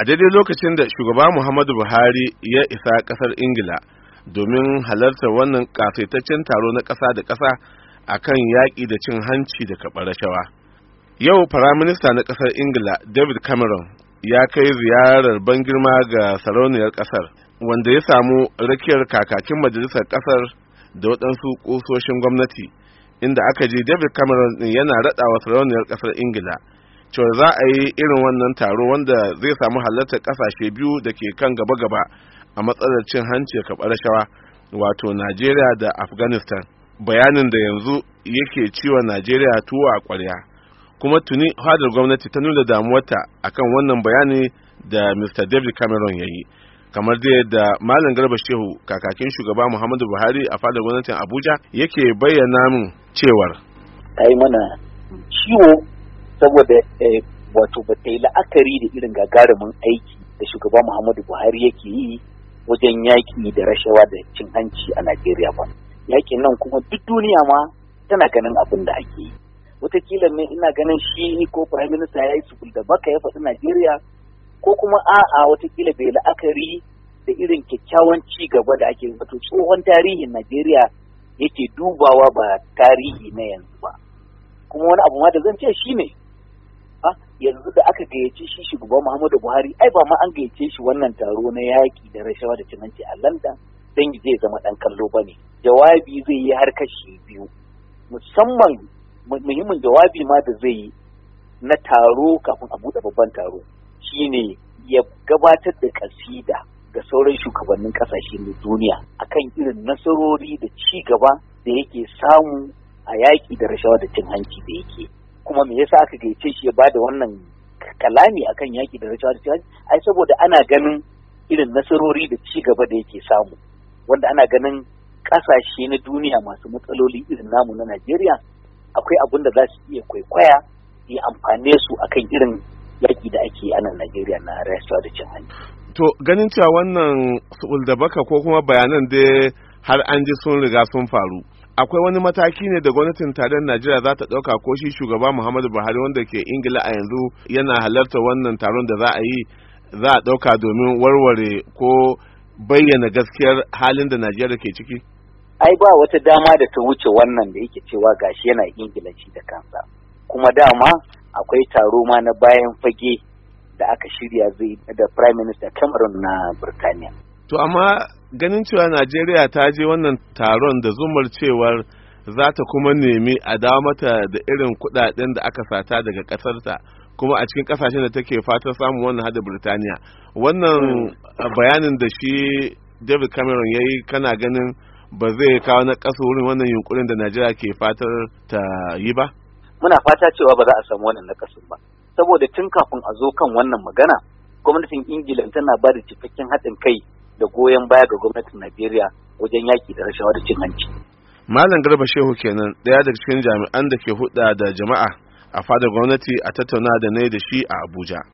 a daidai lokacin da shugaba muhammadu buhari ya isa kasar ingila domin halartar wannan kasaitaccen taro na ƙasa da ƙasa a kan yaƙi da cin hanci da kaɓar rashawa yau firaminista na ƙasar ingila david cameron ya kai ziyarar ban girma ga sarauniyar ƙasar wanda ya samu rakiyar kakakin majalisar ƙasar da waɗansu ƙusoshin gwamnati inda aka je david cameron yana raɗawa sarauniyar ƙasar ingila cewa za a yi irin wannan taro wanda zai samu halartar kasashe biyu da ke kan gaba-gaba a matsalar cin hanci kaɓar rashawa wato najeriya da afghanistan bayanin da yanzu yake ciwa najeriya tuwo a kwarya kuma tuni hadar gwamnati ta nuna damuwarta akan wannan bayani da mr david cameron ya yi kamar dai da malam garba shehu kakakin shugaba muhammadu buhari a fadar gwamnatin abuja yake bayyana min cewar mana ciwo saboda eh, wato ba ta yi la'akari da irin gagarumin aiki da shugaba Muhammadu Buhari yake yi wajen yaƙi da rashawa da cin hanci a Najeriya ba. Yaƙin nan kuma duk duniya ma tana ganin abin da ake yi. Wataƙila ne ina ganin shi ko Firaminista ya yi sukul da baka ya faɗi Najeriya ko kuma a'a watakila bai la'akari da irin kyakkyawan ci gaba da ake wato tsohon tarihin Najeriya yake dubawa ba tarihi na yanzu ba. Kuma wani abu ma da zan ce shi ne yanzu da aka gayyace shi shugaban Muhammadu Buhari ai ba ma an gayyace shi wannan taro na yaki da rashawa da cinanci a London dan zai zama dan kallo ne. jawabi zai yi har kashi biyu musamman muhimmin jawabi ma da zai yi na taro kafin a buɗe babban taro shine ya gabatar da ƙasida ga sauran shugabannin ƙasashe na duniya akan irin nasarori da ci gaba da yake samu a yaƙi da rashawa da cin hanci da yake kuma me yasa aka gaice shi ya ba da wannan kalami akan yaki da rashawa da ai saboda ana ganin irin nasarori da ci gaba da yake samu wanda ana ganin kasashe na duniya masu matsaloli irin namu na Najeriya akwai abin da za su iya kwaikwaya ya amfane su akan irin yaki da ake a nan Najeriya na rashawa da cin To ganin cewa wannan sulda baka ko kuma bayanan da har an ji sun riga sun faru. akwai wani mataki ne da gwamnatin tarayyar najeriya za ta ɗauka ko shi shugaba muhammadu buhari wanda ke ingila a yanzu yana halarta wannan taron da za a yi za a ɗauka domin warware ko bayyana gaskiyar halin da najeriya ke ciki ai ba wata dama da ta wuce wannan da yake cewa gashi yana ingila shi da kansa kuma dama akwai taro ma na bayan fage da aka shirya zai da prime minister cameron na birtaniya to amma ganin cewa najeriya ta je wannan taron da zumar cewar za ta kuma nemi a dawo mata da irin kudaden da aka sata daga kasarta kuma a cikin kasashen da take fatan samun wannan hada birtaniya wannan mm. bayanin da shi david cameron ya yi kana ganin ba zai kawo na ƙasa wurin wannan yunkurin da najeriya ke fatar ta yi ba muna fata cewa ba za a samu wannan nakasin ba saboda tun kafin a zo kan wannan magana gwamnatin ingila tana ba da cikakken haɗin kai da goyon baya ga gwamnatin Najeriya wajen yaki da rashawa da cin hanci. Malam Garba Shehu kenan ɗaya daga cikin jami'an da ke hudda da jama'a a fadar gwamnati a tattauna da nai da shi a Abuja.